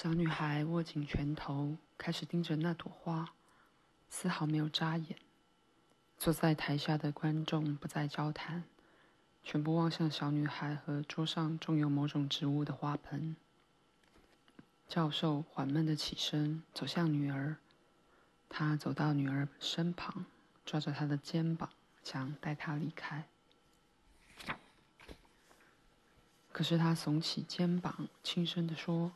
小女孩握緊拳頭，開始盯着那朵花，絲毫沒有眨眼。坐在台下的觀眾不再交談，全部望向小女孩和桌上種有某種植物的花盆。教授緩慢的起身，走向女兒。他走到女兒身旁，抓着她的肩膀，想帶她離開。可是他聳起肩膀，輕聲的說。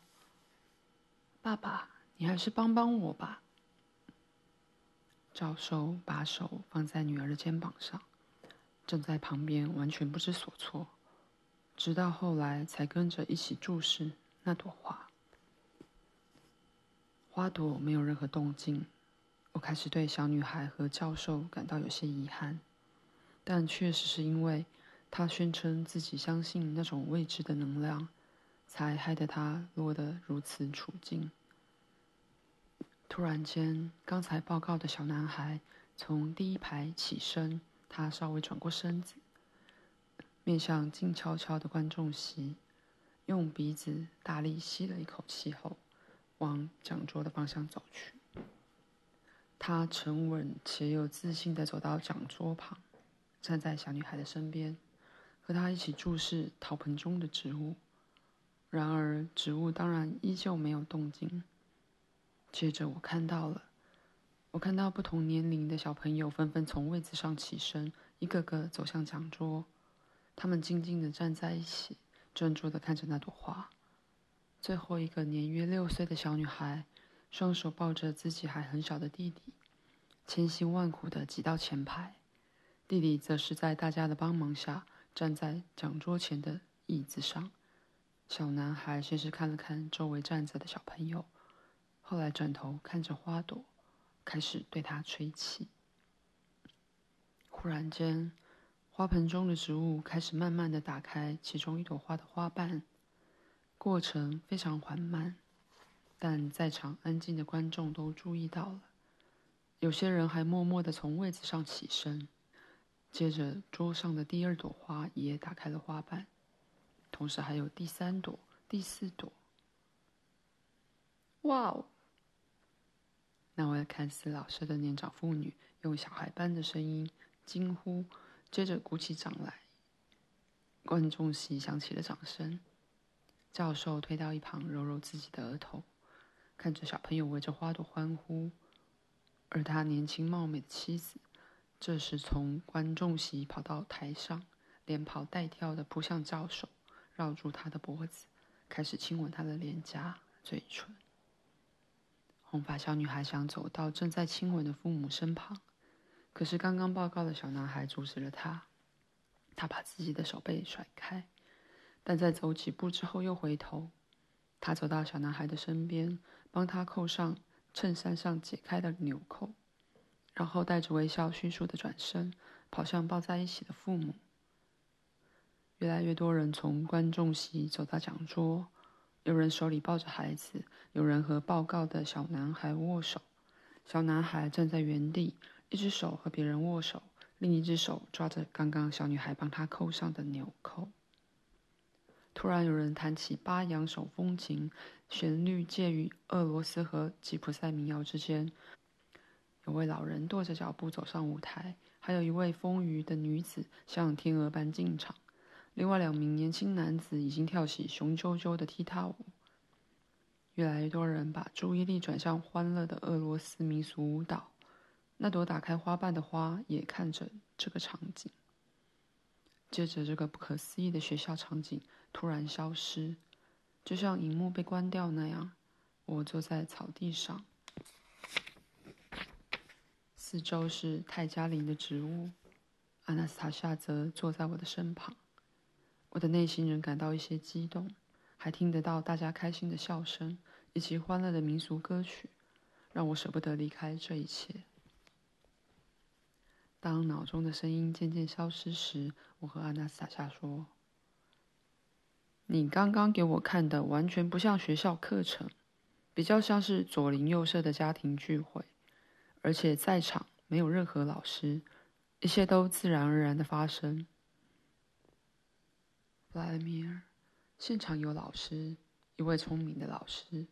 爸爸，你還是幫幫我吧。嗯、教授把手放在女兒的肩膀上，站在旁邊完全不知所措，直到後來才跟着一起注視那朵花。花朵沒有任何動靜，我開始對小女孩和教授感到有些遺憾，但確實是因為她宣稱自己相信那種未知的能量。才害得他落得如此處境。突然間，剛才報告的小男孩從第一排起身，他稍微轉過身子，面向靜悄悄的觀眾席，用鼻子大力吸了一口氣後，往講桌的方向走去。他沉穩且有自信地走到講桌旁，站在小女孩的身邊，和她一起注視陶盆中的植物。然而，植物當然依舊沒有動靜。接着，我看到了，我看到不同年齡的小朋友紛紛從位子上起身，一個個走向講桌，他們靜靜的站在一起，專注的看着那朵花。最後一個年約六歲的小女孩，雙手抱着自己還很小的弟弟，千辛萬苦的擠到前排，弟弟則是在大家的幫忙下，站在講桌前的椅子上。小男孩先是看了看周圍站着的小朋友，後來轉頭看着花朵，開始對他吹氣。忽然間，花盆中的植物開始慢慢的打開其中一朵花的花瓣，過程非常緩慢，但在場安靜的觀眾都注意到了，有些人還默默的從位子上起身。接着，桌上的第二朵花也打開了花瓣。同時還有第三朵、第四朵，哇哦！那位看似老師的年長婦女用小孩般的聲音驚呼，接着鼓起掌來。觀眾席響起了掌聲。教授推到一旁，揉揉自己的額頭，看着小朋友圍着花朵歡呼。而他年輕貌美的妻子這時從觀眾席跑到台上，連跑帶跳的撲向教授。繞住他的脖子，開始親吻他的臉頰、嘴唇。紅髮小女孩想走到正在親吻的父母身旁，可是剛剛報告的小男孩阻止了他。他把自己的手背甩開，但在走幾步之後又回頭。他走到小男孩的身邊，幫他扣上襯衫上解開的紐扣，然後帶着微笑迅速的轉身，跑向抱在一起的父母。越來越多人從觀眾席走到講桌，有人手裡抱着孩子，有人和報告的小男孩握手。小男孩站在原地，一隻手和別人握手，另一隻手抓着剛剛小女孩幫他扣上的紐扣。突然有人彈起巴揚手風琴，旋律介於俄羅斯和吉普賽民謠之間。有位老人跺着腳步走上舞台，還有一位豐腴的女子像天鵝般進場。另外兩名年輕男子已經跳起雄赳赳的踢踏舞。越來越多人把注意力轉向歡樂的俄羅斯民俗舞蹈。那朵打開花瓣的花也看着這個場景。接着，這個不可思議的學校場景突然消失，就像熒幕被關掉那樣。我坐在草地上，四周是泰加林的植物。阿納斯塔夏則坐在我的身旁。我的內心仍感到一些激動，還聽得到大家開心的笑聲以及歡樂的民俗歌曲，讓我捨不得離開這一切。當腦中的聲音漸漸消失時，我和阿納斯塔夏說：“你剛剛給我看的完全不像學校課程，比較像是左鄰右舍的家庭聚會，而且在場沒有任何老師，一切都自然而然的發生。”弗拉米爾，現場有老師，一位聰明的老師，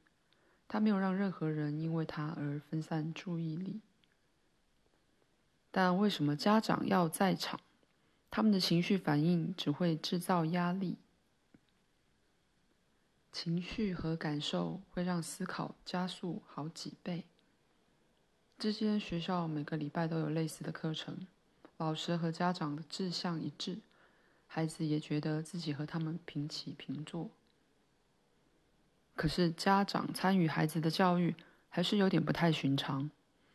他沒有讓任何人因為他而分散注意力。但為什麼家長要在場？他們的情緒反應只會制造壓力。情緒和感受會讓思考加速好幾倍。之前學校每個禮拜都有類似的課程，老師和家長的志向一致。孩子也覺得自己和他們平起平坐。可是家長參與孩子的教育還是有點不太尋常，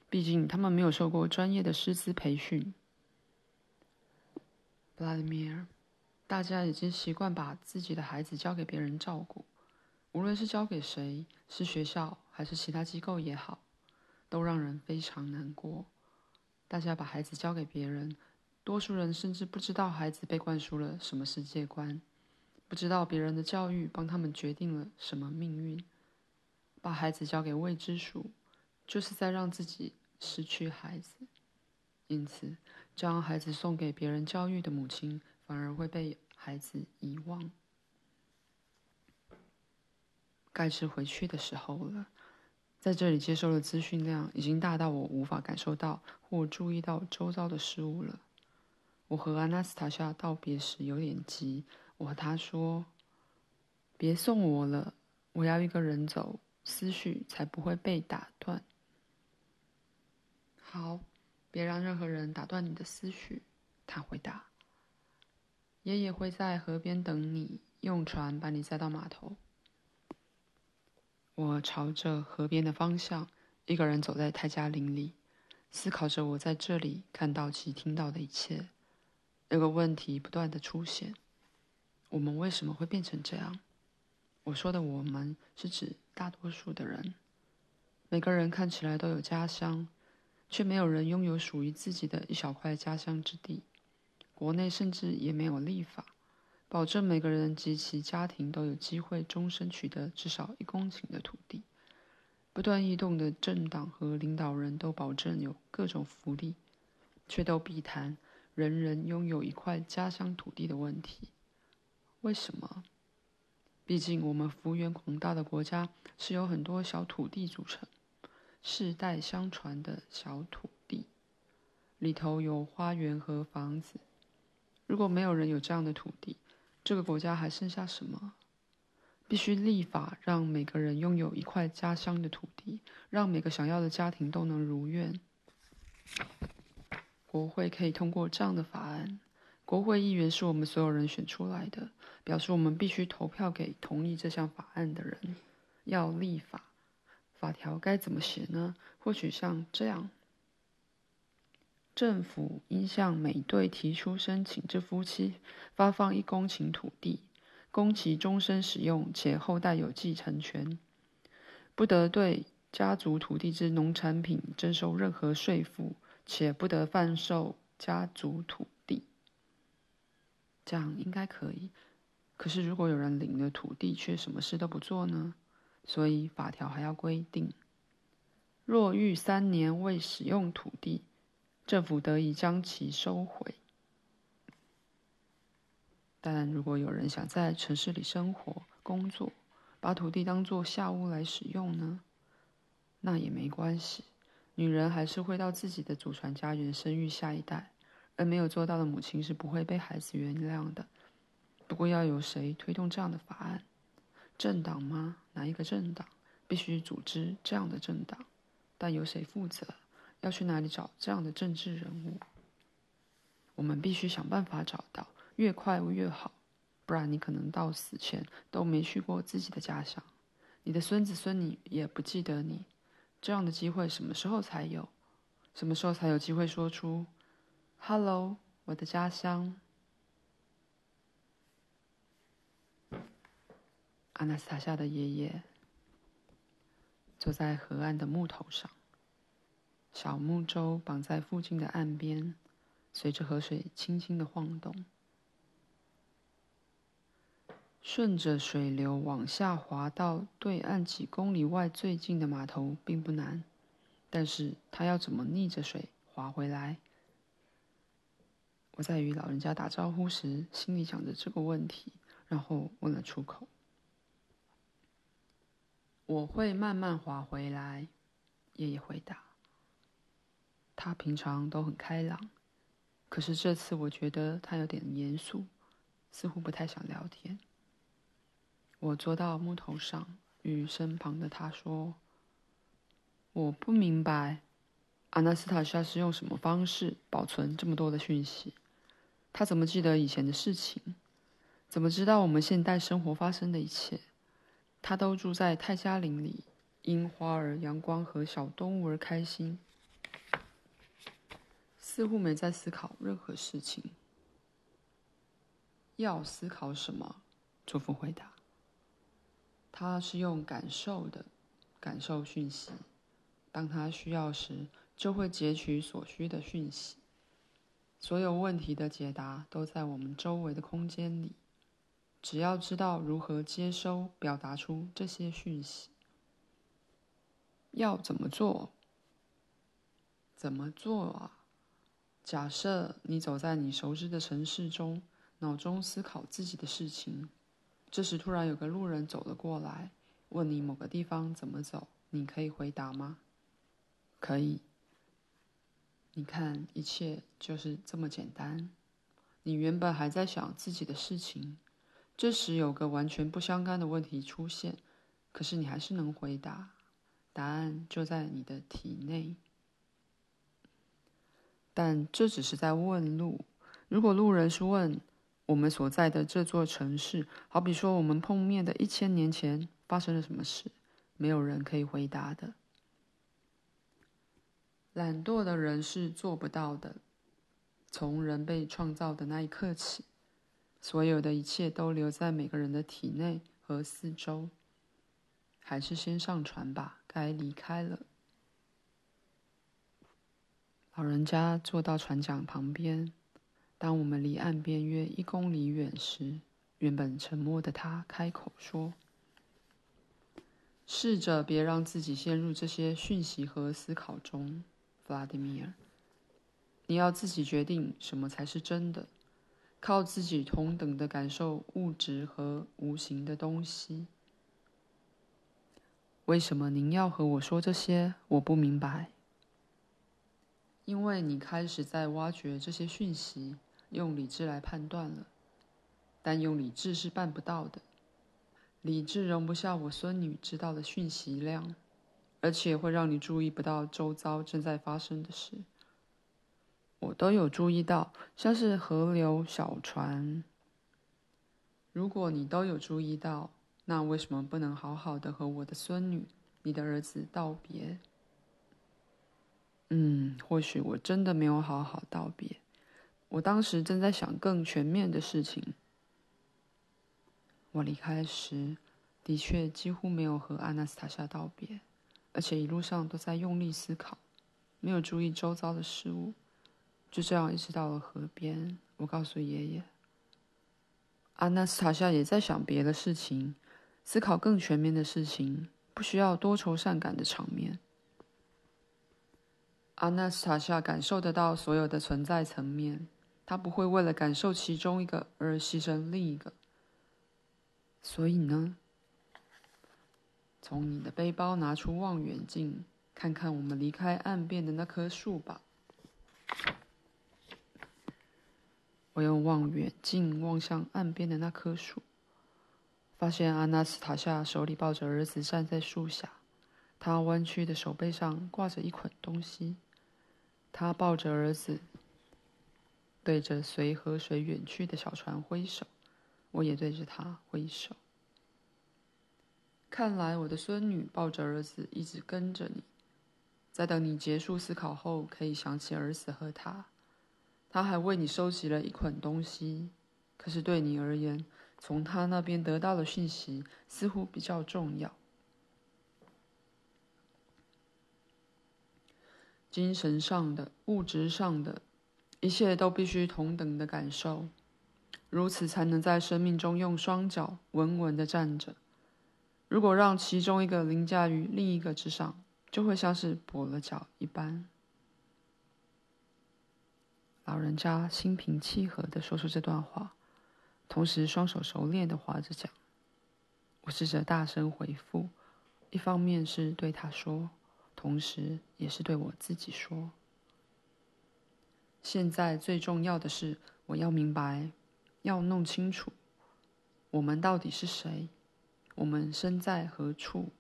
畢竟他們沒有受過專業的師資培訓。Vladimir，大家已經習慣把自己的孩子交給別人照顧，無論是交給誰，是學校還是其他機構也好，都讓人非常難過。大家把孩子交給別人。多數人甚至不知道孩子被灌輸了什麼世界觀，不知道別人的教育幫他們決定了什麼命運，把孩子交給未知數，就是在讓自己失去孩子。因此，將孩子送給別人教育的母親，反而會被孩子遺忘。該是回去的時候了。在這裡接收的資訊量已經大到我無法感受到或注意到周遭的事物了。我和阿納斯塔夏道別時有點急，我和他說：“別送我了，我要一個人走，思緒才不會被打斷。”“好，別讓任何人打斷你的思緒。”他回答。“爺爺會在河邊等你，用船把你載到碼頭。”我朝着河邊的方向，一個人走在泰迦林裡，思考着我在這裡看到及聽到的一切。這個問題不斷的出現，我們為什麼會變成這樣？我說的“我們”是指大多數的人。每個人看起來都有家鄉，卻沒有人擁有屬於自己的一小塊家鄉之地。國內甚至也沒有立法，保證每個人及其家庭都有機會終身取得至少一公頃的土地。不斷異動的政黨和領導人都保證有各種福利，卻都避談。人人擁有一塊家鄉土地的問題，為什麼？畢竟我們幅員廣大的國家是由很多小土地組成，世代相傳的小土地，裡頭有花園和房子。如果沒有人有這樣的土地，這個國家還剩下什麼？必須立法讓每個人擁有一塊家鄉的土地，讓每個想要的家庭都能如願。國會可以通過這樣的法案。國會議員是我們所有人選出來的，表示我們必須投票給同意這項法案的人。要立法，法條該怎麼寫呢？或許像這樣：政府應向每對提出申請之夫妻發放一公頃土地，供其終身使用，且後代有繼承權。不得對家族土地之農產品徵收任何稅賦。且不得販售家族土地，這樣應該可以。可是，如果有人領了土地卻什麼事都不做呢？所以法條還要規定，若逾三年未使用土地，政府得以將其收回。但如果有人想在城市裡生活、工作，把土地當作下屋來使用呢？那也沒關係。女人還是會到自己的祖傳家園生育下一代，而沒有做到的母親是不會被孩子原諒的。不過，要由誰推動這樣的法案？政黨嗎？哪一個政黨？必須組織這樣的政黨。但由誰負責？要去哪裡找這樣的政治人物？我們必須想辦法找到，越快越好，不然你可能到死前都沒去過自己的家鄉，你的孫子孫女也不記得你。這樣的機會什麼時候才有？什麼時候才有機會說出 “hello，我的家鄉”？阿納斯塔夏的爺爺坐在河岸的木頭上，小木舟綁在附近的岸邊，隨着河水輕輕的晃動。順着水流往下滑到對岸幾公里外最近的碼頭並不難，但是他要怎麼逆着水劃回來？我在與老人家打招呼時，心裡想着這個問題，然後問了出口：“我會慢慢劃回來。”爺爺回答。他平常都很開朗，可是這次我覺得他有點嚴肅，似乎不太想聊天。我坐到木頭上，與身旁的他說：“我不明白，阿納斯塔夏是用什麼方式保存這麼多的訊息？他怎麼記得以前的事情？怎麼知道我們現代生活發生的一切？他都住在泰加林裡，因花兒、陽光和小動物而開心，似乎沒在思考任何事情。要思考什麼？”祖父回答。它是用感受的，感受訊息。當它需要時，就會截取所需的訊息。所有問題的解答都在我們周圍的空間裡，只要知道如何接收、表達出這些訊息。要怎麼做？怎麼做啊？假設你走在你熟知的城市中，腦中思考自己的事情。這時突然有個路人走了過來，問你某個地方怎麼走，你可以回答嗎？可以。你看，一切就是這麼簡單。你原本還在想自己的事情，這時有個完全不相干的問題出現，可是你還是能回答，答案就在你的體內。但這只是在問路。如果路人是問……我們所在的這座城市，好比說我們碰面的一千年前發生了什麼事，沒有人可以回答的。懶惰的人是做不到的。從人被創造的那一刻起，所有的一切都留在每個人的體內和四周。還是先上船吧，該離開了。老人家坐到船槳旁邊。當我們離岸邊約一公里遠時，原本沉默的他開口說：“試着別讓自己陷入這些訊息和思考中，弗拉迪米爾。你要自己決定什麼才是真的，靠自己同等的感受物質和無形的東西。為什麼您要和我說這些？我不明白。因為你開始在挖掘這些訊息。”用理智來判斷了，但用理智是辦不到的。理智容不下我孫女知道的訊息量，而且會讓你注意不到周遭正在發生的事。我都有注意到，像是河流、小船。如果你都有注意到，那為什麼不能好好的和我的孫女、你的兒子道別？嗯，或許我真的沒有好好道別。我當時正在想更全面的事情。我離開時的確幾乎沒有和阿納斯塔夏道別，而且一路上都在用力思考，沒有注意周遭的事物。就這樣一直到了河邊，我告訴爺爺。阿納斯塔夏也在想別的事情，思考更全面的事情，不需要多愁善感的場面。阿納斯塔夏感受得到所有的存在層面。他不會為了感受其中一個而犧牲另一個。所以呢，從你的背包拿出望遠鏡，看看我們離開岸邊的那棵樹吧。我用望遠鏡望向岸邊的那棵樹，發現阿納斯塔夏手裡抱着兒子站在樹下，他彎曲的手背上掛着一捆東西，他抱着兒子。對着隨河水遠去的小船揮手，我也對着他揮手。看來我的孫女抱着兒子一直跟着你，在等你結束思考後，可以想起兒子和他。他還為你收集了一捆東西，可是對你而言，從他那邊得到的訊息似乎比較重要。精神上的，物質上的。一切都必須同等的感受，如此才能在生命中用雙腳穩穩地站着。如果讓其中一個凌駕於另一個之上，就會像是跛了腳一般。老人家心平氣和地說出這段話，同時雙手熟練地划着槳。我試着大聲回復，一方面是對他說，同時也是對我自己說。現在最重要的是，我要明白，要弄清楚，我們到底是誰，我們身在何處。